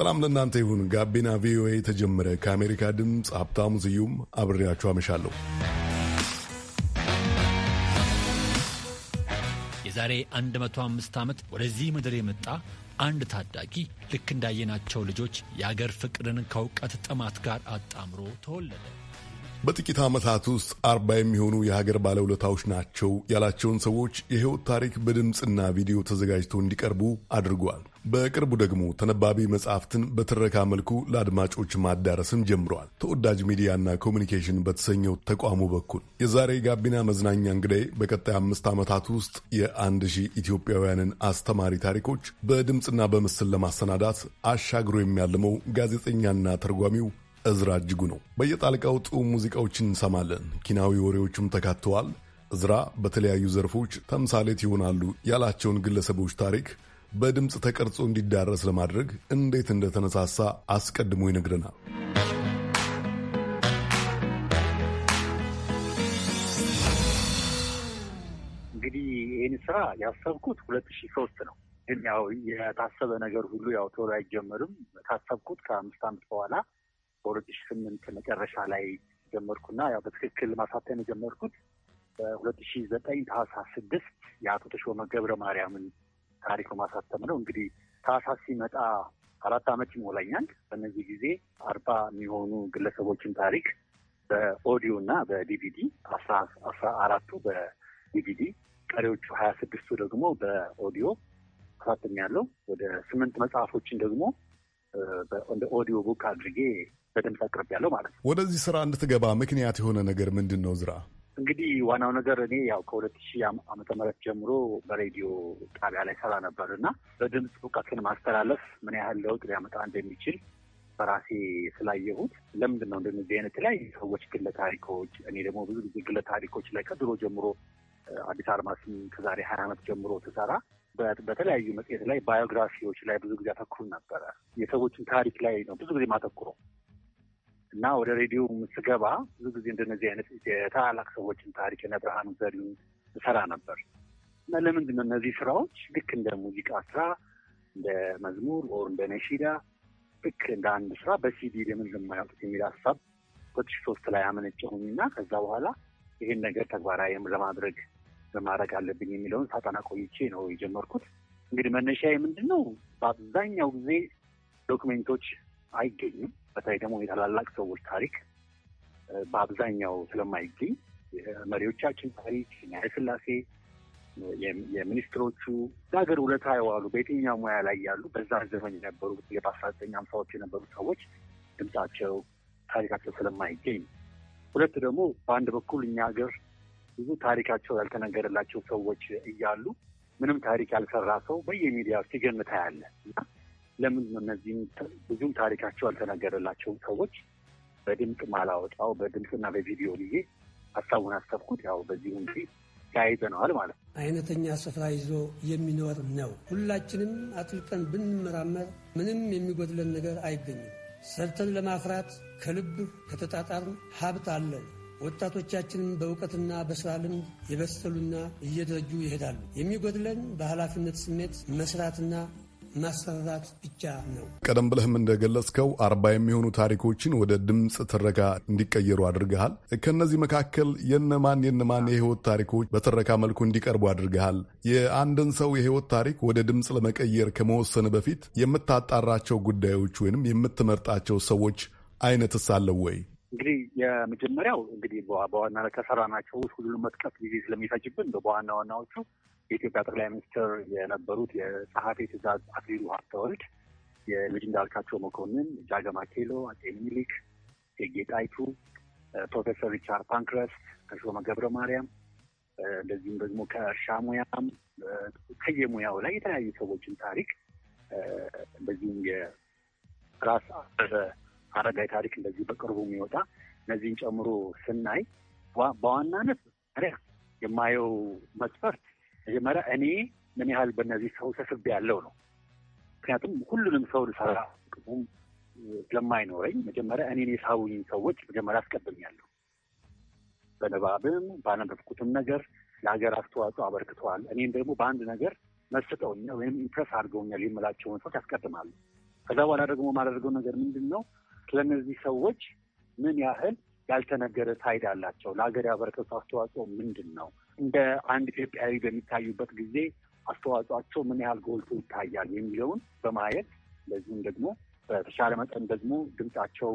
ሰላም ለእናንተ ይሁን። ጋቢና ቪኦኤ የተጀመረ ከአሜሪካ ድምፅ ሀብታሙ ስዩም አብሬያችሁ አመሻለሁ። የዛሬ 105 ዓመት ወደዚህ ምድር የመጣ አንድ ታዳጊ ልክ እንዳየናቸው ልጆች የአገር ፍቅርን ከእውቀት ጥማት ጋር አጣምሮ ተወለደ። በጥቂት ዓመታት ውስጥ አርባ የሚሆኑ የሀገር ባለውለታዎች ናቸው ያላቸውን ሰዎች የሕይወት ታሪክ በድምፅና ቪዲዮ ተዘጋጅቶ እንዲቀርቡ አድርጓል። በቅርቡ ደግሞ ተነባቢ መጽሐፍትን በትረካ መልኩ ለአድማጮች ማዳረስም ጀምረዋል። ተወዳጅ ሚዲያና ኮሚኒኬሽን በተሰኘው ተቋሙ በኩል የዛሬ ጋቢና መዝናኛ እንግዳይ በቀጣይ አምስት ዓመታት ውስጥ የአንድ ሺህ ኢትዮጵያውያንን አስተማሪ ታሪኮች በድምፅና በምስል ለማሰናዳት አሻግሮ የሚያልመው ጋዜጠኛና ተርጓሚው እዝራ እጅጉ ነው። በየጣልቃው ጥዑም ሙዚቃዎችን እንሰማለን። ኪናዊ ወሬዎችም ተካተዋል። እዝራ በተለያዩ ዘርፎች ተምሳሌት ይሆናሉ ያላቸውን ግለሰቦች ታሪክ በድምፅ ተቀርጾ እንዲዳረስ ለማድረግ እንዴት እንደተነሳሳ አስቀድሞ ይነግረናል። እንግዲህ ይህን ስራ ያሰብኩት ሁለት ሺህ ሶስት ነው። ግን ያው የታሰበ ነገር ሁሉ ያው ቶሎ አይጀመርም። ታሰብኩት ከአምስት ዓመት በኋላ በሁለት ሺህ ስምንት መጨረሻ ላይ ጀመርኩና ያው በትክክል ማሳተም የጀመርኩት በሁለት ሺህ ዘጠኝ ታህሳስ ስድስት የአቶ ተሾመ ገብረ ማርያምን ታሪክ በማሳተም ነው። እንግዲህ ታህሳስ ሲመጣ አራት ዓመት ይሞላኛል። በእነዚህ ጊዜ አርባ የሚሆኑ ግለሰቦችን ታሪክ በኦዲዮ እና በዲቪዲ አስራ አራቱ በዲቪዲ ቀሪዎቹ ሀያ ስድስቱ ደግሞ በኦዲዮ አሳትም ያለው ወደ ስምንት መጽሐፎችን ደግሞ እንደ ኦዲዮ ቡክ አድርጌ በድምፅ አቅርብ ያለው ማለት ነው። ወደዚህ ስራ እንድትገባ ምክንያት የሆነ ነገር ምንድን ነው? ዝራ እንግዲህ ዋናው ነገር እኔ ያው ከሁለት ሺህ ዓመተ ምህረት ጀምሮ በሬዲዮ ጣቢያ ላይ ሰራ ነበር እና በድምፅ እውቀትን ማስተላለፍ ምን ያህል ለውጥ ሊያመጣ እንደሚችል በራሴ ስላየሁት ለምንድን ነው እንደዚህ አይነት የተለያዩ ሰዎች ግለ ታሪኮች እኔ ደግሞ ብዙ ጊዜ ግለ ታሪኮች ላይ ከድሮ ጀምሮ አዲስ አድማስም ከዛሬ ሀያ ዓመት ጀምሮ ትሰራ በተለያዩ መጽሔት ላይ ባዮግራፊዎች ላይ ብዙ ጊዜ አተኩሩ ነበረ። የሰዎችን ታሪክ ላይ ነው ብዙ ጊዜ ማተኩረው እና ወደ ሬዲዮ ስገባ ብዙ ጊዜ እንደነዚህ አይነት የታላላቅ ሰዎችን ታሪክ እነ ብርሃኑ ዘሪሁን እሰራ ነበር እና ለምንድን ነው እነዚህ ስራዎች ልክ እንደ ሙዚቃ ስራ እንደ መዝሙር ኦር እንደ ነሺዳ ልክ እንደ አንድ ስራ በሲዲ ለምን የማያውጡት የሚል ሀሳብ ሁለት ሺ ሶስት ላይ አመነጨሁኝ እና ከዛ በኋላ ይህን ነገር ተግባራዊ ለማድረግ ለማድረግ አለብኝ የሚለውን ሳጠና ቆይቼ ነው የጀመርኩት። እንግዲህ መነሻዬ ምንድን ነው? በአብዛኛው ጊዜ ዶክሜንቶች አይገኙም። በተለይ ደግሞ የታላላቅ ሰዎች ታሪክ በአብዛኛው ስለማይገኝ የመሪዎቻችን ታሪክ ኃይለሥላሴ የሚኒስትሮቹ ለሀገር ውለታ የዋሉ በየትኛው ሙያ ላይ ያሉ በዛ ዘመን የነበሩ በአስራ ዘጠኝ ሀምሳዎች የነበሩ ሰዎች ድምጻቸው፣ ታሪካቸው ስለማይገኝ፣ ሁለት ደግሞ በአንድ በኩል እኛ ሀገር ብዙ ታሪካቸው ያልተነገረላቸው ሰዎች እያሉ ምንም ታሪክ ያልሰራ ሰው በየሚዲያ ሲገምታ ያለ እና ለምን እነዚህም ብዙም ታሪካቸው ያልተነገረላቸውን ሰዎች በድምፅ ማላወጣው በድምፅና በቪዲዮ ልዬ ሀሳቡን አሰብኩት። ያው በዚሁ እንጂ ተያይዘነዋል ማለት ነው። አይነተኛ ስፍራ ይዞ የሚኖር ነው። ሁላችንም አጥልቀን ብንመራመር ምንም የሚጎድለን ነገር አይገኝም። ሰርተን ለማፍራት ከልብ ከተጣጣርን ሀብት አለን። ወጣቶቻችንም በእውቀትና በስራ ልምድ የበሰሉና እየደረጁ ይሄዳሉ። የሚጎድለን በኃላፊነት ስሜት መስራትና ማሰራት ብቻ ነው። ቀደም ብለህም እንደገለጽከው አርባ የሚሆኑ ታሪኮችን ወደ ድምፅ ትረካ እንዲቀየሩ አድርገሃል። ከእነዚህ መካከል የነማን የነማን የህይወት ታሪኮች በትረካ መልኩ እንዲቀርቡ አድርገሃል? የአንድን ሰው የህይወት ታሪክ ወደ ድምፅ ለመቀየር ከመወሰን በፊት የምታጣራቸው ጉዳዮች ወይንም የምትመርጣቸው ሰዎች አይነትስ አለው ወይ? እንግዲህ የመጀመሪያው እንግዲህ በዋና ከሰራናቸው ውስጥ ሁሉንም መጥቀስ ጊዜ ስለሚፈጅብን በዋና ዋናዎቹ የኢትዮጵያ ጠቅላይ ሚኒስትር የነበሩት የጸሐፌ ትእዛዝ አክሊሉ ሀብተወልድ፣ የልጅ እንዳልካቸው መኮንን፣ ጃገማ ኬሎ፣ አጼ ሚኒሊክ፣ እቴጌ ጣይቱ፣ ፕሮፌሰር ሪቻርድ ፓንክረስት፣ ተሾመ ገብረ ማርያም እንደዚሁም ደግሞ ከእርሻ ሙያም ከየሙያው ላይ የተለያዩ ሰዎችን ታሪክ እንደዚሁም የራስ አበበ አረጋዊ ታሪክ እንደዚህ በቅርቡ የሚወጣ እነዚህን ጨምሮ ስናይ በዋናነት መሪያ የማየው መስፈርት መጀመሪያ እኔ ምን ያህል በእነዚህ ሰው ተስብ ያለው ነው። ምክንያቱም ሁሉንም ሰው ልሰራ ቅሙም ስለማይኖረኝ መጀመሪያ እኔን የሳውኝ ሰዎች መጀመሪያ አስቀድሜያለሁ። በንባብም ባነበብኩትም ነገር ለሀገር አስተዋጽኦ አበርክተዋል፣ እኔም ደግሞ በአንድ ነገር መስጠውኛ ወይም ኢምፕረስ አድርገውኛል የምላቸውን ሰዎች ያስቀድማሉ። ከዛ በኋላ ደግሞ የማደርገው ነገር ምንድን ነው? ስለነዚህ ሰዎች ምን ያህል ያልተነገረ ሳይድ አላቸው? ለሀገር ያበረከቱ አስተዋጽኦ ምንድን ነው? እንደ አንድ ኢትዮጵያዊ በሚታዩበት ጊዜ አስተዋጽኦቸው ምን ያህል ጎልቶ ይታያል የሚለውን በማየት እንደዚሁም ደግሞ በተሻለ መጠን ደግሞ ድምጻቸው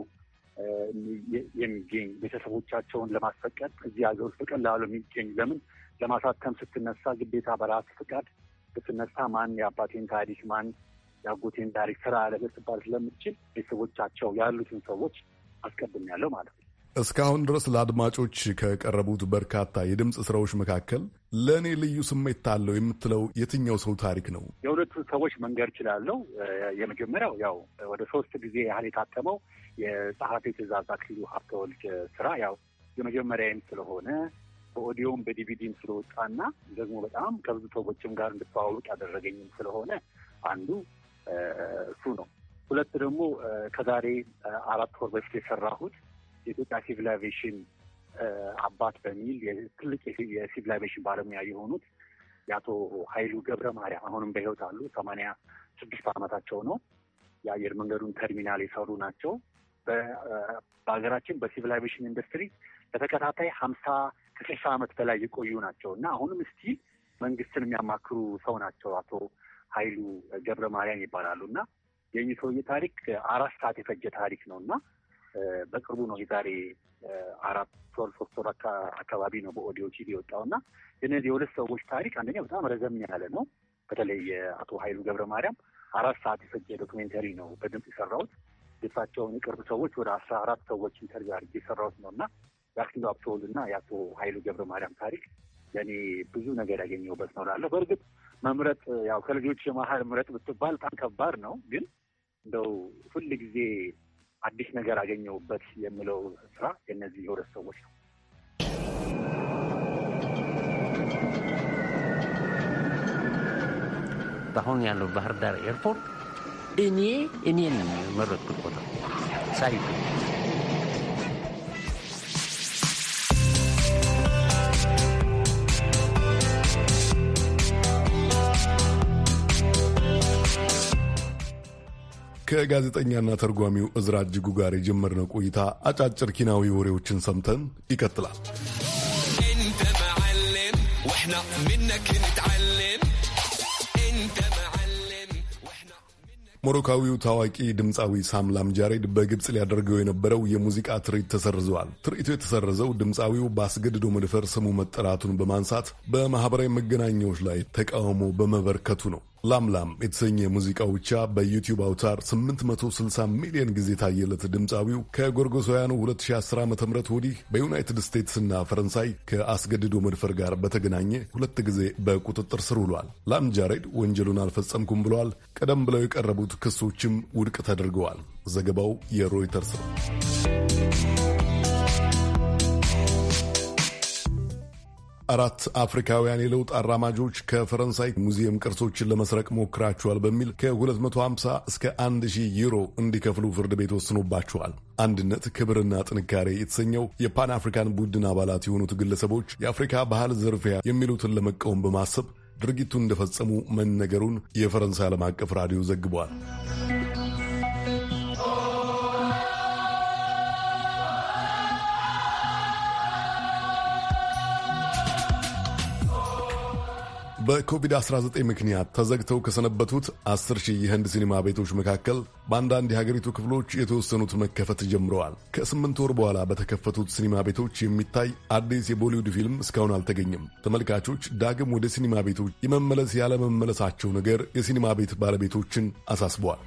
የሚገኝ ቤተሰቦቻቸውን ለማስፈቀድ እዚህ ሀገር ውስጥ በቀላሉ የሚገኝ ለምን ለማሳተም ስትነሳ ግዴታ በራስ ፍቃድ ስትነሳ ማን የአባቴን ታሪክ ማን የአጎቴን ታሪክ ስራ ለመስባል ስለምችል ቤተሰቦቻቸው ያሉትን ሰዎች አስቀድም ያለው ማለት ነው። እስካሁን ድረስ ለአድማጮች ከቀረቡት በርካታ የድምፅ ስራዎች መካከል ለእኔ ልዩ ስሜት አለው የምትለው የትኛው ሰው ታሪክ ነው? የሁለቱ ሰዎች መንገድ ችላለው። የመጀመሪያው ያው ወደ ሶስት ጊዜ ያህል የታተመው የጸሐፊ ትእዛዝ አክሊሉ ሀብተወልድ ስራ ያው የመጀመሪያም ስለሆነ በኦዲዮም በዲቪዲም ስለወጣና ደግሞ በጣም ከብዙ ሰዎችም ጋር እንድተዋወቅ ያደረገኝም ስለሆነ አንዱ እሱ ነው። ሁለት ደግሞ ከዛሬ አራት ወር በፊት የሰራሁት የኢትዮጵያ ሲቪል አቪዬሽን አባት በሚል ትልቅ የሲቪል አቪዬሽን ባለሙያ የሆኑት የአቶ ኃይሉ ገብረ ማርያም አሁንም በህይወት አሉ። ሰማንያ ስድስት ዓመታቸው ነው። የአየር መንገዱን ተርሚናል የሰሩ ናቸው። በሀገራችን በሲቪላይዜሽን ኢንዱስትሪ በተከታታይ ሀምሳ ከስልሳ ዓመት በላይ የቆዩ ናቸው እና አሁንም ስቲል መንግስትን የሚያማክሩ ሰው ናቸው አቶ ኃይሉ ገብረ ማርያም ይባላሉ እና የኚህ ሰውዬ ታሪክ አራት ሰዓት የፈጀ ታሪክ ነው እና በቅርቡ ነው የዛሬ አራት ወር ሶስት ወር አካባቢ ነው በኦዲዮ ቲቪ የወጣው እና እነዚህ የሁለት ሰዎች ታሪክ አንደኛ በጣም ረዘም ያለ ነው። በተለይ የአቶ ኃይሉ ገብረ ማርያም አራት ሰዓት የፈጀ ዶክሜንተሪ ነው በድምፅ የሰራሁት። ድምፃቸውን የቅርብ ሰዎች ወደ አስራ አራት ሰዎች ኢንተርቪው አድርጌ የሰራሁት ነው እና የአክሊሉ አብተወልድ እና የአቶ ኃይሉ ገብረ ማርያም ታሪክ ለእኔ ብዙ ነገር ያገኘሁበት ነው እላለሁ በእርግጥ መምረጥ ያው ከልጆች መሀል ምረጥ ብትባል በጣም ከባድ ነው። ግን እንደው ሁል ጊዜ አዲስ ነገር አገኘሁበት የሚለው ስራ የእነዚህ የሁለት ሰዎች ነው። አሁን ያለው ባህር ዳር ኤርፖርት እኔ እኔን መረጥኩት ቦታ ሳይ ከጋዜጠኛና ተርጓሚው እዝራ እጅጉ ጋር የጀመርነው ቆይታ አጫጭር ኪናዊ ወሬዎችን ሰምተን ይቀጥላል። ሞሮካዊው ታዋቂ ድምፃዊ ሳምላም ጃሬድ በግብፅ ሊያደርገው የነበረው የሙዚቃ ትርኢት ተሰርዘዋል። ትርኢቱ የተሰረዘው ድምፃዊው በአስገድዶ መድፈር ስሙ መጠራቱን በማንሳት በማኅበራዊ መገናኛዎች ላይ ተቃውሞ በመበርከቱ ነው። ላምላም የተሰኘ ሙዚቃ ብቻ በዩቲዩብ አውታር 860 ሚሊዮን ጊዜ ታየለት ድምፃዊው ከጎርጎሳውያኑ 2010 ዓ ም ወዲህ በዩናይትድ ስቴትስ እና ፈረንሳይ ከአስገድዶ መድፈር ጋር በተገናኘ ሁለት ጊዜ በቁጥጥር ስር ውሏል። ላም ጃሬድ ወንጀሉን አልፈጸምኩም ብለዋል። ቀደም ብለው የቀረቡት ክሶችም ውድቅ ተደርገዋል። ዘገባው የሮይተርስ ነው። አራት አፍሪካውያን የለውጥ አራማጆች ከፈረንሳይ ሙዚየም ቅርሶችን ለመስረቅ ሞክራችኋል በሚል ከ250 እስከ 1000 ዩሮ እንዲከፍሉ ፍርድ ቤት ወስኖባቸዋል። አንድነት ክብርና ጥንካሬ የተሰኘው የፓን አፍሪካን ቡድን አባላት የሆኑት ግለሰቦች የአፍሪካ ባህል ዝርፊያ የሚሉትን ለመቃወም በማሰብ ድርጊቱን እንደፈጸሙ መነገሩን የፈረንሳይ ዓለም አቀፍ ራዲዮ ዘግቧል። በኮቪድ-19 ምክንያት ተዘግተው ከሰነበቱት 10 ሺህ የህንድ ሲኒማ ቤቶች መካከል በአንዳንድ የሀገሪቱ ክፍሎች የተወሰኑት መከፈት ጀምረዋል። ከስምንት ወር በኋላ በተከፈቱት ሲኒማ ቤቶች የሚታይ አዲስ የቦሊውድ ፊልም እስካሁን አልተገኘም። ተመልካቾች ዳግም ወደ ሲኒማ ቤቶች የመመለስ ያለመመለሳቸው ነገር የሲኒማ ቤት ባለቤቶችን አሳስበዋል።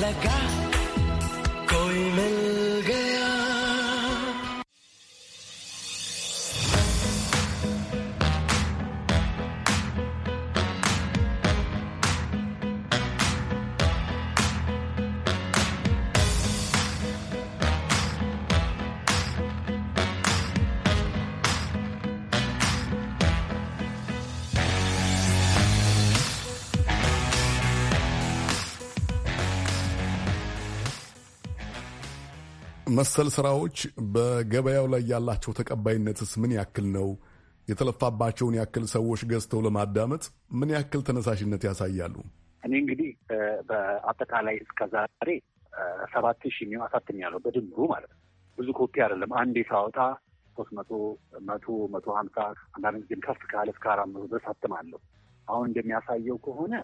ለጋ መሰል ስራዎች በገበያው ላይ ያላቸው ተቀባይነትስ ምን ያክል ነው? የተለፋባቸውን ያክል ሰዎች ገዝተው ለማዳመጥ ምን ያክል ተነሳሽነት ያሳያሉ? እኔ እንግዲህ በአጠቃላይ እስከ ዛሬ ሰባት ሺህ የሚሆን አሳትሜያለሁ በድምሩ ማለት ነው። ብዙ ኮፒ አይደለም አንዴ ሳወጣ ሶስት መቶ መቶ መቶ ሀምሳ አንዳንድ ጊዜም ከፍ ካለ እስከ አራት መቶ ድረስ አትማለሁ። አሁን እንደሚያሳየው ከሆነ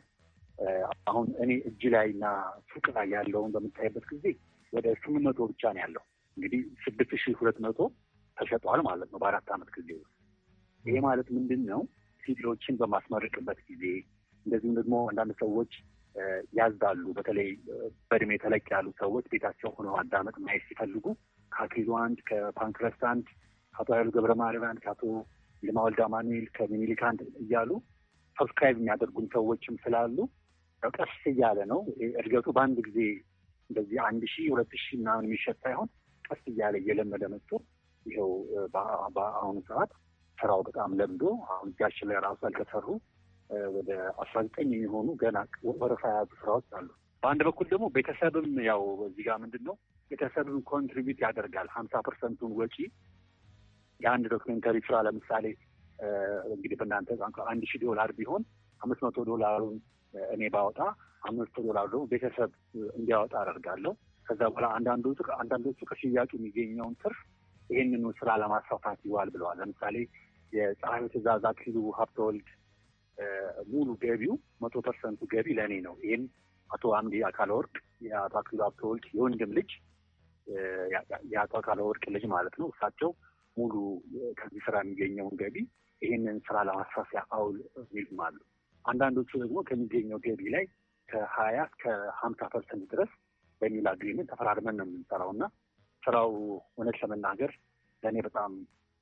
አሁን እኔ እጅ ላይ እና ሱቅ ላይ ያለውን በምታይበት ጊዜ ወደ ስምንት መቶ ብቻ ነው ያለው። እንግዲህ ስድስት ሺህ ሁለት መቶ ተሸጧል ማለት ነው በአራት ዓመት ጊዜ ውስጥ። ይሄ ማለት ምንድን ነው? ሲዲዎችን በማስመረቅበት ጊዜ እንደዚሁም ደግሞ አንዳንድ ሰዎች ያዛሉ። በተለይ በእድሜ ተለቅ ያሉ ሰዎች ቤታቸው ሆነው አዳመጥ ማየት ሲፈልጉ ከአክሊሉ አንድ፣ ከፓንክረስ አንድ፣ ከአቶ ኃይሉ ገብረ ማርያም አንድ፣ ከአቶ ልማ ወልደ አማኑኤል፣ ከሚኒሊክ አንድ እያሉ ሰብስክራይብ የሚያደርጉን ሰዎችም ስላሉ ቀስ እያለ ነው እድገቱ። በአንድ ጊዜ እንደዚህ አንድ ሺ ሁለት ሺ ምናምን የሚሸጥ ሳይሆን ቀስ እያለ እየለመደ መጥቶ ይኸው በአሁኑ ሰዓት ስራው በጣም ለምዶ አሁን እጃችን ላይ ራሱ አልተሰሩ ወደ አስራ ዘጠኝ የሚሆኑ ገና ወረፋ የያዙ ስራዎች አሉ። በአንድ በኩል ደግሞ ቤተሰብም ያው እዚህ ጋር ምንድን ነው ቤተሰብም ኮንትሪቢዩት ያደርጋል ሀምሳ ፐርሰንቱን ወጪ የአንድ ዶክመንተሪ ስራ ለምሳሌ እንግዲህ በእናንተ አንድ ሺህ ዶላር ቢሆን አምስት መቶ ዶላሩን እኔ ባወጣ አምስት ዶላር ቤተሰብ እንዲያወጣ አደርጋለሁ። ከዛ በኋላ አንዳንዶቹ ከሽያጩ የሚገኘውን ትርፍ ይህንኑ ስራ ለማስፋፋት ይዋል ብለዋል። ለምሳሌ የፀሐይ ትእዛዝ አክሊሉ ሀብተወልድ ሙሉ ገቢው መቶ ፐርሰንቱ ገቢ ለእኔ ነው። ይህም አቶ አምዲ አካል ወርቅ የአቶ አክሊሉ ሀብተወልድ የወንድም ልጅ የአቶ አካል ወርቅ ልጅ ማለት ነው። እሳቸው ሙሉ ከዚህ ስራ የሚገኘውን ገቢ ይህንን ስራ ለማስፋፊያ አውል የሚሉም አሉ። አንዳንዶቹ ደግሞ ከሚገኘው ገቢ ላይ ከሀያ እስከ ሀምሳ ፐርሰንት ድረስ በሚል አግሪመንት ተፈራርመን ነው የምንሰራው እና ስራው እውነት ለመናገር ለእኔ በጣም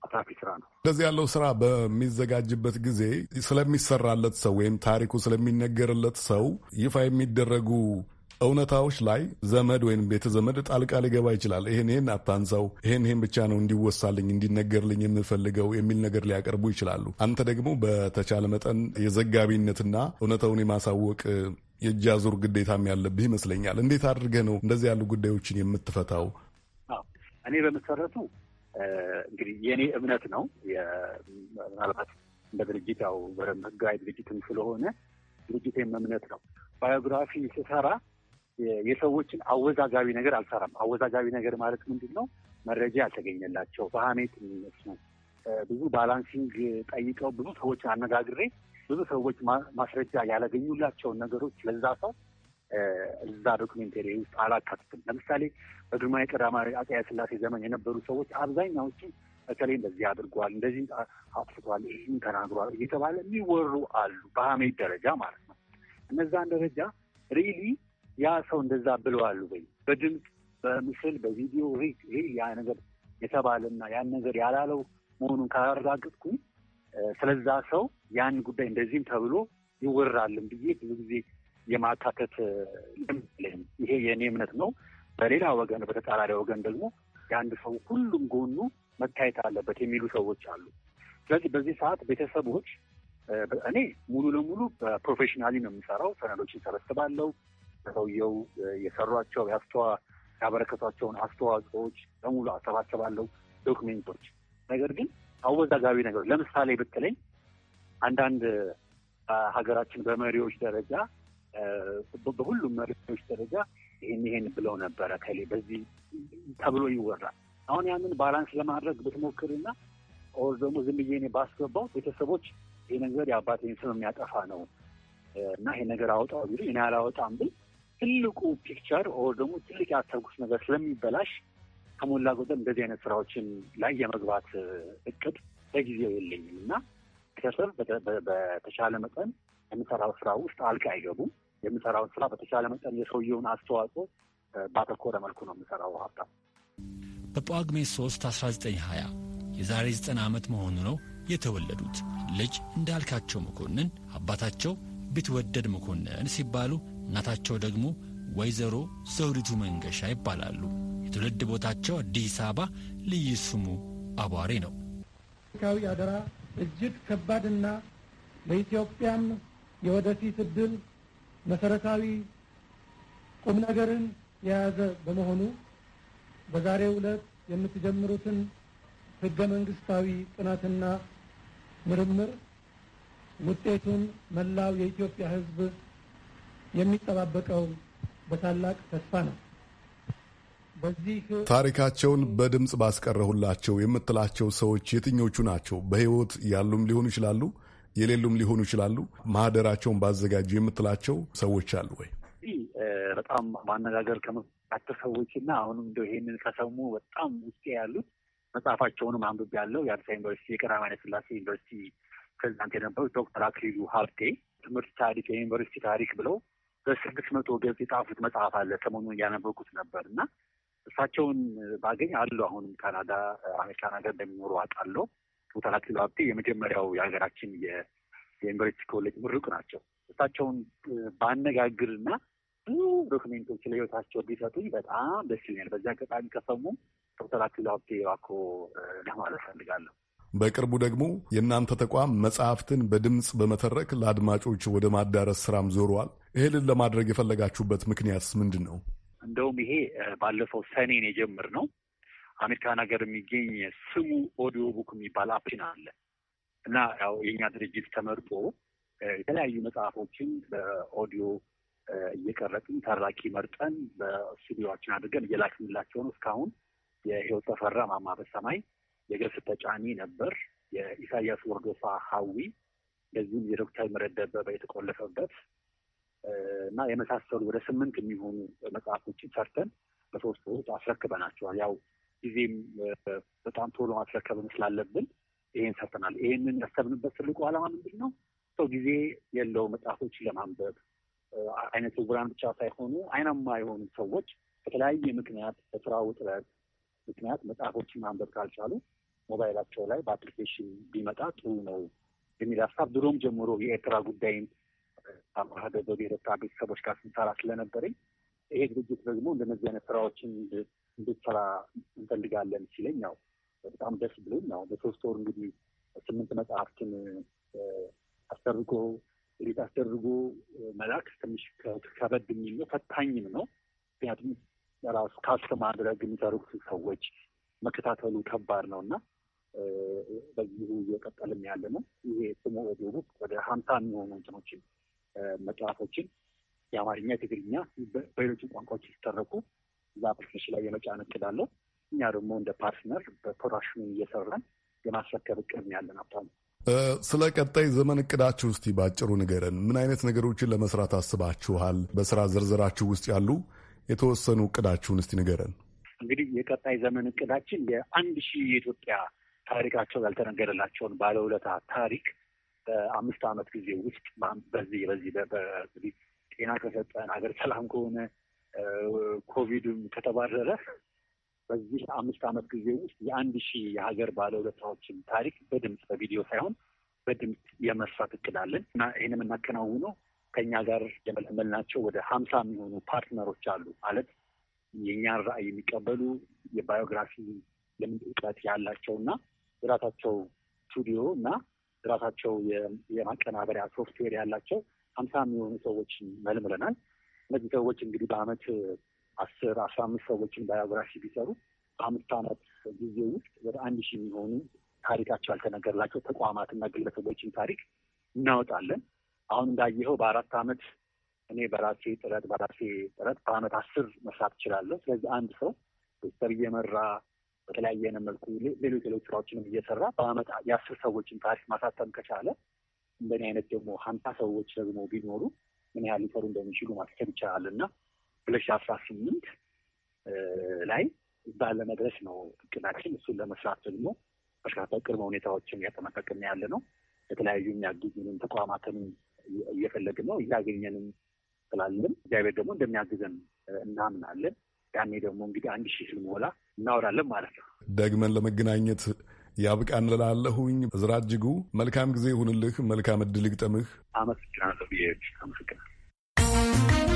አትራፊ ስራ ነው። እንደዚህ ያለው ስራ በሚዘጋጅበት ጊዜ ስለሚሰራለት ሰው ወይም ታሪኩ ስለሚነገርለት ሰው ይፋ የሚደረጉ እውነታዎች ላይ ዘመድ ወይም ቤተ ዘመድ ጣልቃ ሊገባ ይችላል። ይሄን ይሄን አታንሰው፣ ይሄን ይሄን ብቻ ነው እንዲወሳልኝ እንዲነገርልኝ የምፈልገው የሚል ነገር ሊያቀርቡ ይችላሉ። አንተ ደግሞ በተቻለ መጠን የዘጋቢነትና እውነታውን የማሳወቅ የእጅ አዙር ግዴታም ያለብህ ይመስለኛል። እንዴት አድርገህ ነው እንደዚህ ያሉ ጉዳዮችን የምትፈታው? እኔ በመሰረቱ እንግዲህ የእኔ እምነት ነው። ምናልባት እንደ ድርጅት ያው በደምብ ህጋዊ ድርጅትም ስለሆነ ድርጅቴም እምነት ነው። ባዮግራፊ ስሰራ የሰዎችን አወዛጋቢ ነገር አልሰራም። አወዛጋቢ ነገር ማለት ምንድን ነው? መረጃ ያልተገኘላቸው በሀሜት የሚነሱ ብዙ ባላንሲንግ ጠይቀው ብዙ ሰዎችን አነጋግሬ ብዙ ሰዎች ማስረጃ ያላገኙላቸውን ነገሮች ለዛ ሰው እዛ ዶክሜንተሪ ውስጥ አላካትትም። ለምሳሌ በግርማዊ ቀዳማዊ አፄ ኃይለ ሥላሴ ዘመን የነበሩ ሰዎች አብዛኛዎቹ በተለይ እንደዚህ አድርጓል፣ እንደዚህ አጥፍቷል፣ ይህም ተናግሯል እየተባለ የሚወሩ አሉ፣ በሀሜት ደረጃ ማለት ነው። እነዛን ደረጃ ሪሊ ያ ሰው እንደዛ ብለዋል ወይ በድምፅ በምስል በቪዲዮ ሪሊ ያ ነገር የተባለና ያን ነገር ያላለው መሆኑን ካላረጋገጥኩኝ ስለዛ ሰው ያን ጉዳይ እንደዚህም ተብሎ ይወራልን ብዬ ብዙ ጊዜ የማካተት ልምድ ይሄ የእኔ እምነት ነው። በሌላ ወገን በተጻራሪ ወገን ደግሞ የአንድ ሰው ሁሉም ጎኑ መታየት አለበት የሚሉ ሰዎች አሉ። ስለዚህ በዚህ ሰዓት ቤተሰቦች እኔ ሙሉ ለሙሉ በፕሮፌሽናሊ ነው የምሰራው። ሰነዶችን ሰበስባለው ሰውየው የሰሯቸው ያስተዋ ያበረከቷቸውን አስተዋጽኦዎች በሙሉ አሰባሰባለው ዶክሜንቶች። ነገር ግን አወዛጋቢ ነገሮች ለምሳሌ ብትለኝ አንዳንድ ሀገራችን በመሪዎች ደረጃ በሁሉም መሪዎች ደረጃ ይህን ይሄን ብለው ነበረ ከሌ በዚህ ተብሎ ይወራል። አሁን ያንን ባላንስ ለማድረግ ብትሞክርና ኦር ደግሞ ዝም ብዬ እኔ ባስገባው ቤተሰቦች ይህ ነገር የአባቴን ስም የሚያጠፋ ነው እና ይሄ ነገር አውጣው ቢሉ እኔ አላወጣም ብል ትልቁ ፒክቸር ኦር ደግሞ ትልቅ ያሰብኩት ነገር ስለሚበላሽ ከሞላ ጎደል እንደዚህ አይነት ስራዎችን ላይ የመግባት እቅድ ለጊዜው የለኝም እና ከስር በተሻለ መጠን የምሰራው ስራ ውስጥ አልቅ አይገቡም። የምሰራውን ስራ በተሻለ መጠን የሰውየውን አስተዋጽኦ ባተኮረ መልኩ ነው የምሰራው። ሀብታ በጳጉሜ 3 1920 የዛሬ 90 ዓመት መሆኑ ነው የተወለዱት ልጅ እንዳልካቸው መኮንን አባታቸው ቢትወደድ መኮንን ሲባሉ እናታቸው ደግሞ ወይዘሮ ዘውዲቱ መንገሻ ይባላሉ። የትውልድ ቦታቸው አዲስ አበባ ልዩ ስሙ አቧሬ ነው። አደራ እጅግ ከባድና ለኢትዮጵያም የወደፊት እድል መሰረታዊ ቁም ነገርን የያዘ በመሆኑ በዛሬው ዕለት የምትጀምሩትን ህገ መንግስታዊ ጥናትና ምርምር ውጤቱን መላው የኢትዮጵያ ህዝብ የሚጠባበቀው በታላቅ ተስፋ ነው። ታሪካቸውን በድምፅ ባስቀረሁላቸው የምትላቸው ሰዎች የትኞቹ ናቸው? በሕይወት ያሉም ሊሆኑ ይችላሉ፣ የሌሉም ሊሆኑ ይችላሉ። ማህደራቸውን ባዘጋጁ የምትላቸው ሰዎች አሉ ወይ? በጣም ማነጋገር ከመጣቸው ሰዎች እና አሁንም እንደ ይሄንን ከሰሙ በጣም ውስጤ ያሉት መጽሐፋቸውንም አንብቤ ያለው የአዲስ ዩኒቨርሲቲ የቀዳማዊ ኃይለ ሥላሴ ዩኒቨርሲቲ ፕሬዚዳንት የነበሩት ዶክተር አክሊሉ ሀብቴ ትምህርት ታሪክ፣ የዩኒቨርሲቲ ታሪክ ብለው በስድስት መቶ ገጽ የጻፉት መጽሐፍ አለ። ሰሞኑን እያነበኩት ነበር እና እሳቸውን ባገኝ አሉ። አሁንም ካናዳ አሜሪካን ሀገር እንደሚኖሩ አውቃለሁ። ዶክተር አክሊሉ ሀብቴ የመጀመሪያው የሀገራችን የዩኒቨርሲቲ ኮሌጅ ምሩቅ ናቸው። እሳቸውን ባነጋግርና ብዙ ዶክሜንቶች ለህይወታቸው ቢሰጡኝ በጣም ደስ ይለኛል። በዚህ አጋጣሚ ከሰሙ ዶክተር አክሊሉ ሀብቴ እባክዎ ለማለት ፈልጋለሁ። በቅርቡ ደግሞ የእናንተ ተቋም መጽሐፍትን በድምፅ በመተረክ ለአድማጮች ወደ ማዳረስ ስራም ዞረዋል። ይህንን ለማድረግ የፈለጋችሁበት ምክንያትስ ምንድን ነው? እንደውም ይሄ ባለፈው ሰኔን የጀምር ነው። አሜሪካን ሀገር የሚገኝ ስሙ ኦዲዮ ቡክ የሚባል አፕሽን አለ እና ያው የኛ ድርጅት ተመርጦ የተለያዩ መጽሐፎችን በኦዲዮ እየቀረጥን ተራኪ መርጠን በስቱዲዮችን አድርገን እየላክንላቸው ነው። እስካሁን የህይወት ተፈራ ማማ በሰማይ፣ የገብስ ተጫኒ ነበር፣ የኢሳያስ ወርዶፋ ሀዊ፣ እንደዚሁም የዶክተር ምረት ደበበ የተቆለፈበት እና የመሳሰሉ ወደ ስምንት የሚሆኑ መጽሐፎችን ሰርተን በሶስት ወር አስረክበናቸዋል። ያው ጊዜም በጣም ቶሎ ማስረከብም ስላለብን ይሄን ሰርተናል። ይሄንን ያሰብንበት ትልቁ ዓላማ ምንድን ነው? ሰው ጊዜ የለው መጽሐፎችን ለማንበብ አይነ ስውራን ብቻ ሳይሆኑ አይናማ የሆኑ ሰዎች በተለያየ ምክንያት በስራ ውጥረት ምክንያት መጽሐፎችን ማንበብ ካልቻሉ ሞባይላቸው ላይ በአፕሊኬሽን ቢመጣ ጥሩ ነው የሚል ሀሳብ ድሮም ጀምሮ የኤርትራ ጉዳይን አብርሃ ደበብ የረታ ቤተሰቦች ጋር ስንሰራ ስለነበረኝ ይሄ ድርጅት ደግሞ እንደነዚህ አይነት ስራዎችን እንድትሰራ እንፈልጋለን ሲለኝ ያው በጣም ደስ ብሎኝ ያው በሶስት ወር እንግዲህ ስምንት መጽሐፍትን አስደርጎ ሪት አስደርጎ መላክ ትንሽ ከበድ የሚል ነው፣ ፈታኝም ነው። ምክንያቱም ራሱ ካስ ማድረግ የሚሰሩት ሰዎች መከታተሉ ከባድ ነው እና በዚሁ እየቀጠልም ያለ ነው። ይሄ ስሙ ኦዲዮ ቡክ ወደ ሀምሳ የሚሆኑ እንትኖችን መጽሐፎችን የአማርኛ የትግርኛ በሌሎች ቋንቋዎች ሲተረኩ እዛ ፕሮፌሽ ላይ የመጫን እቅድ አለው። እኛ ደግሞ እንደ ፓርትነር በፕሮዳክሽኑ እየሰራን የማስረከብ እቅድ ያለን አብታሉ። ስለ ቀጣይ ዘመን እቅዳችሁ እስቲ ባጭሩ ንገረን። ምን አይነት ነገሮችን ለመስራት አስባችኋል? በስራ ዝርዝራችሁ ውስጥ ያሉ የተወሰኑ እቅዳችሁን እስቲ ንገረን። እንግዲህ የቀጣይ ዘመን እቅዳችን የአንድ ሺህ የኢትዮጵያ ታሪካቸው ያልተነገረላቸውን ባለውለታ ታሪክ በአምስት ዓመት ጊዜ ውስጥ በዚህ በዚህ በእንግዲህ ጤና ከሰጠን ሀገር ሰላም ከሆነ ኮቪድም ከተባረረ በዚህ አምስት ዓመት ጊዜ ውስጥ የአንድ ሺህ የሀገር ባለውለታዎችን ታሪክ በድምፅ በቪዲዮ ሳይሆን በድምፅ የመስራት እቅዳለን አለን እና ይህን የምናከናውነው ከኛ ጋር የመለመልናቸው ወደ ሀምሳ የሚሆኑ ፓርትነሮች አሉ። ማለት የእኛን ራዕይ የሚቀበሉ የባዮግራፊ ልምድ እውቀት ያላቸው እና የራሳቸው ስቱዲዮ እና ራሳቸው የማቀናበሪያ ሶፍትዌር ያላቸው ሀምሳ የሚሆኑ ሰዎችን መልምለናል። እነዚህ ሰዎች እንግዲህ በአመት አስር አስራ አምስት ሰዎችን ባዮግራፊ ቢሰሩ በአምስት አመት ጊዜ ውስጥ ወደ አንድ ሺህ የሚሆኑ ታሪካቸው ያልተነገርላቸው ተቋማትና ግለሰቦችን ታሪክ እናወጣለን። አሁን እንዳየኸው በአራት አመት እኔ በራሴ ጥረት በራሴ ጥረት በአመት አስር መስራት እችላለሁ። ስለዚህ አንድ ሰው ቤተሰብ እየመራ በተለያየ አይነት መልኩ ሌሎች ሌሎች ስራዎችንም እየሰራ በአመት የአስር ሰዎችን ታሪክ ማሳተም ከቻለ እንደኔ አይነት ደግሞ ሀምሳ ሰዎች ደግሞ ቢኖሩ ምን ያህል ሊሰሩ እንደሚችሉ ማስከብ ይቻላል እና ሁለት ሺ አስራ ስምንት ላይ እዛ ለመድረስ ነው እቅዳችን። እሱን ለመስራት ደግሞ በርካታ ቅድመ ሁኔታዎችን እያጠናቀቅን ያለ ነው። የተለያዩ የሚያግዙንን ተቋማትን እየፈለግን ነው፣ እያገኘንም ስላለን እግዚአብሔር ደግሞ እንደሚያግዘን እናምናለን። ያኔ ደግሞ እንግዲህ አንድ ሺህ ስንሞላ እናወራለን ማለት ነው። ደግመን ለመገናኘት ያብቃን እላለሁኝ። እዝራ እጅጉ መልካም ጊዜ ይሁንልህ፣ መልካም እድል ይግጠምህ። አመሰግናለሁ። አመሰግናለሁ።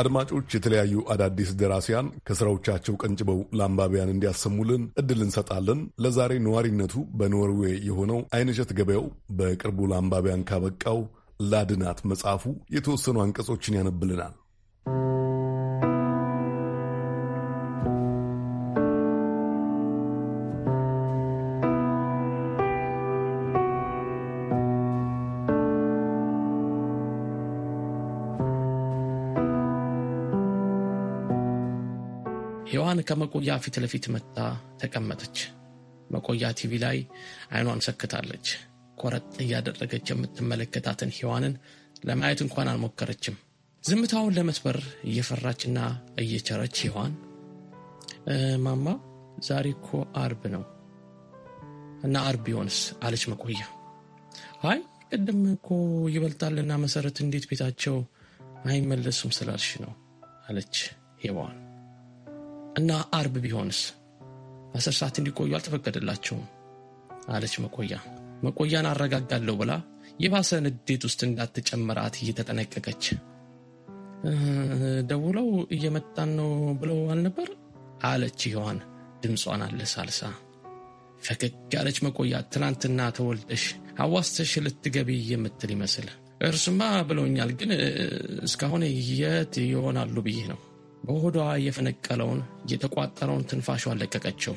አድማጮች የተለያዩ አዳዲስ ደራሲያን ከስራዎቻቸው ቀንጭበው ለአንባቢያን እንዲያሰሙልን እድል እንሰጣለን። ለዛሬ ነዋሪነቱ በኖርዌይ የሆነው አይንሸት ገበያው በቅርቡ ለአንባቢያን ካበቃው ላድናት መጽሐፉ የተወሰኑ አንቀጾችን ያነብልናል። ከመቆያ ፊት ለፊት መጥታ ተቀመጠች። መቆያ ቲቪ ላይ አይኗን ሰክታለች። ቆረጥ እያደረገች የምትመለከታትን ሔዋንን ለማየት እንኳን አልሞከረችም። ዝምታውን ለመስበር እየፈራችና እየቸረች ሔዋን ማማ ዛሬ እኮ አርብ ነው እና አርብ ቢሆንስ? አለች መቆያ። አይ ቅድም እኮ ይበልጣልና መሰረት እንዴት ቤታቸው አይመለሱም ስላልሽ ነው አለች ሔዋን። እና አርብ ቢሆንስ አስር ሰዓት እንዲቆዩ አልተፈቀደላቸውም አለች መቆያ። መቆያን አረጋጋለሁ ብላ የባሰ ንዴት ውስጥ እንዳትጨምራት እየተጠነቀቀች ደውለው እየመጣን ነው ብለው አልነበር አለች ይኸዋን ድምጿን አለሳልሳ። ፈገግ ያለች መቆያ ትናንትና ተወልደሽ አዋስተሽ ልትገቢ የምትል ይመስል እርሱማ ብለውኛል፣ ግን እስካሁን የት ይሆናሉ ብዬ ነው በሆዷ የፈነቀለውን የተቋጠረውን ትንፋሿን ለቀቀችው።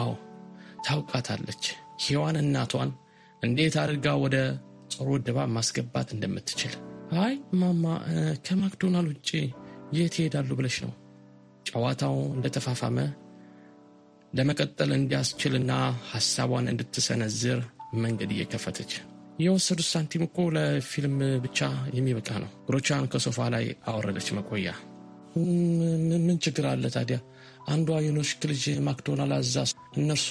አዎ ታውቃታለች፣ ሔዋን እናቷን እንዴት አድርጋ ወደ ጥሩ ድባብ ማስገባት እንደምትችል። አይ ማማ፣ ከማክዶናል ውጭ የት ይሄዳሉ ብለሽ ነው? ጨዋታው እንደተፋፋመ ለመቀጠል እንዲያስችልና ሐሳቧን እንድትሰነዝር መንገድ እየከፈተች የወሰዱት ሳንቲም እኮ ለፊልም ብቻ የሚበቃ ነው። እግሮቿን ከሶፋ ላይ አወረደች። መቆያ ምን ችግር አለ ታዲያ? አንዷ የኖሽክ ልጅ ማክዶናል አዛ እነርሱ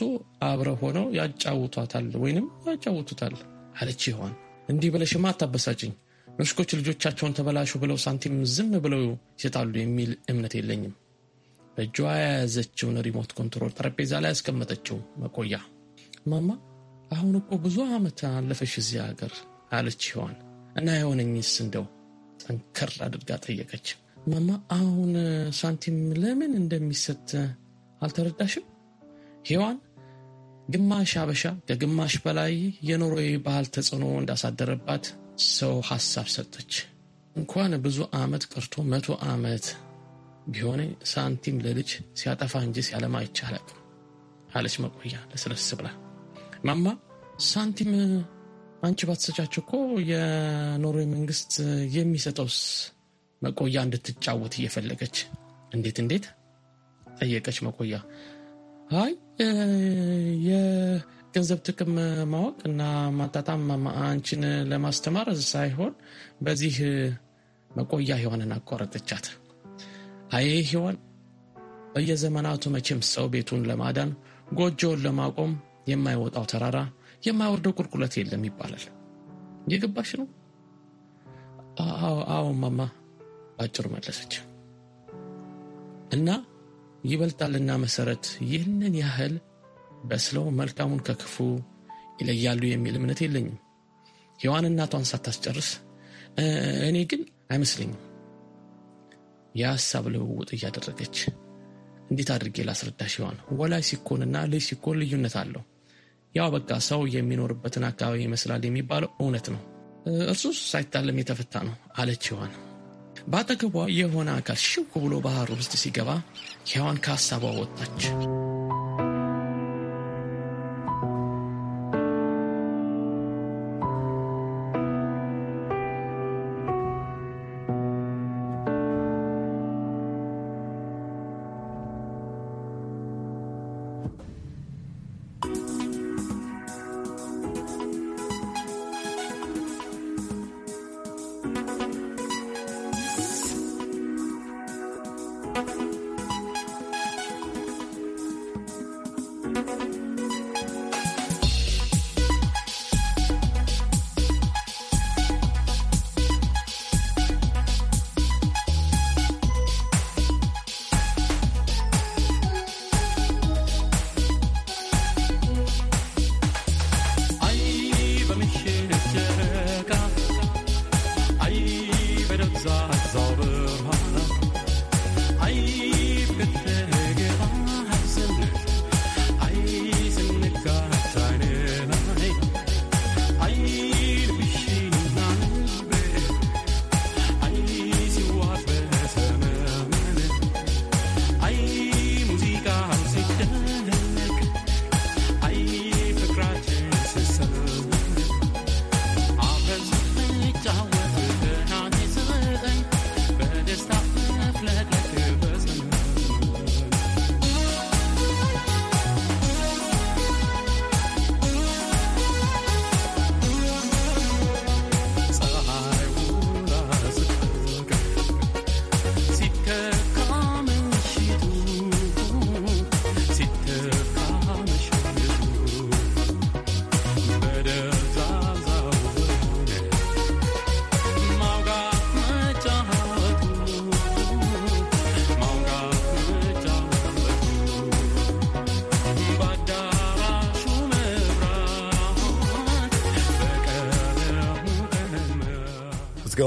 አብረው ሆነው ያጫውቷታል ወይንም ያጫውቱታል አለች። ይሆን እንዲህ ብለሽማ አታበሳጭኝ። ኖሽኮች ልጆቻቸውን ተበላሹ ብለው ሳንቲም ዝም ብለው ይሰጣሉ የሚል እምነት የለኝም። በእጇ የያዘችውን ሪሞት ኮንትሮል ጠረጴዛ ላይ ያስቀመጠችው መቆያ። ማማ አሁን እኮ ብዙ ዓመት አለፈሽ እዚህ ሀገር አለች ይሆን እና የሆነኝስ እንደው ጠንከር አድርጋ ጠየቀች። ማማ አሁን ሳንቲም ለምን እንደሚሰጥ አልተረዳሽም? ሔዋን ግማሽ አበሻ ከግማሽ በላይ የኖሮ ባህል ተጽዕኖ እንዳሳደረባት ሰው ሐሳብ ሰጠች። እንኳን ብዙ ዓመት ቀርቶ መቶ ዓመት ቢሆን ሳንቲም ለልጅ ሲያጠፋ እንጂ ሲያለማ አይቻልም አለች መቆያ ለስለስ ብላ። ማማ ሳንቲም አንቺ ባትሰጫቸው እኮ የኖርዌይ መንግስት የሚሰጠውስ መቆያ እንድትጫወት እየፈለገች እንዴት እንዴት ጠየቀች። መቆያ አይ የገንዘብ ጥቅም ማወቅ እና ማጣጣም አንቺን ለማስተማር ሳይሆን በዚህ መቆያ ሕይዋንን አቋረጠቻት። አይ ሕይዋን በየዘመናቱ መቼም ሰው ቤቱን ለማዳን ጎጆውን ለማቆም የማይወጣው ተራራ የማይወርደው ቁልቁለት የለም ይባላል። የገባሽ ነው? አዎ ማማ አጭር መለሰች እና ይበልጣልና መሰረት ይህንን ያህል በስለው መልካሙን ከክፉ ይለያሉ የሚል እምነት የለኝም። ሔዋን እናቷን ሳታስጨርስ እኔ ግን አይመስለኝም የሀሳብ ልውውጥ እያደረገች እንዴት አድርጌ ላስረዳሽ? ሔዋን ወላጅ ሲኮንና ልጅ ሲኮን ልዩነት አለው። ያው በቃ ሰው የሚኖርበትን አካባቢ ይመስላል የሚባለው እውነት ነው። እርሱ ሳይታለም የተፈታ ነው አለች ሔዋን በአጠገቧ የሆነ አካል ሽው ብሎ ባህር ውስጥ ሲገባ ሔዋን ከሀሳቧ ወጣች።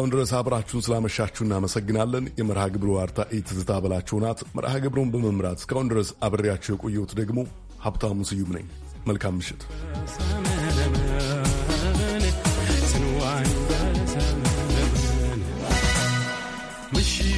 እስካሁን ድረስ አብራችሁን ስላመሻችሁ እናመሰግናለን። የመርሃ ግብሩ አርታኢ ትዝታ በላችሁ ናት። መርሃ ግብሩን በመምራት እስካሁን ድረስ አብሬያችሁ የቆየሁት ደግሞ ሀብታሙ ስዩም ነኝ። መልካም ምሽት። ምሽት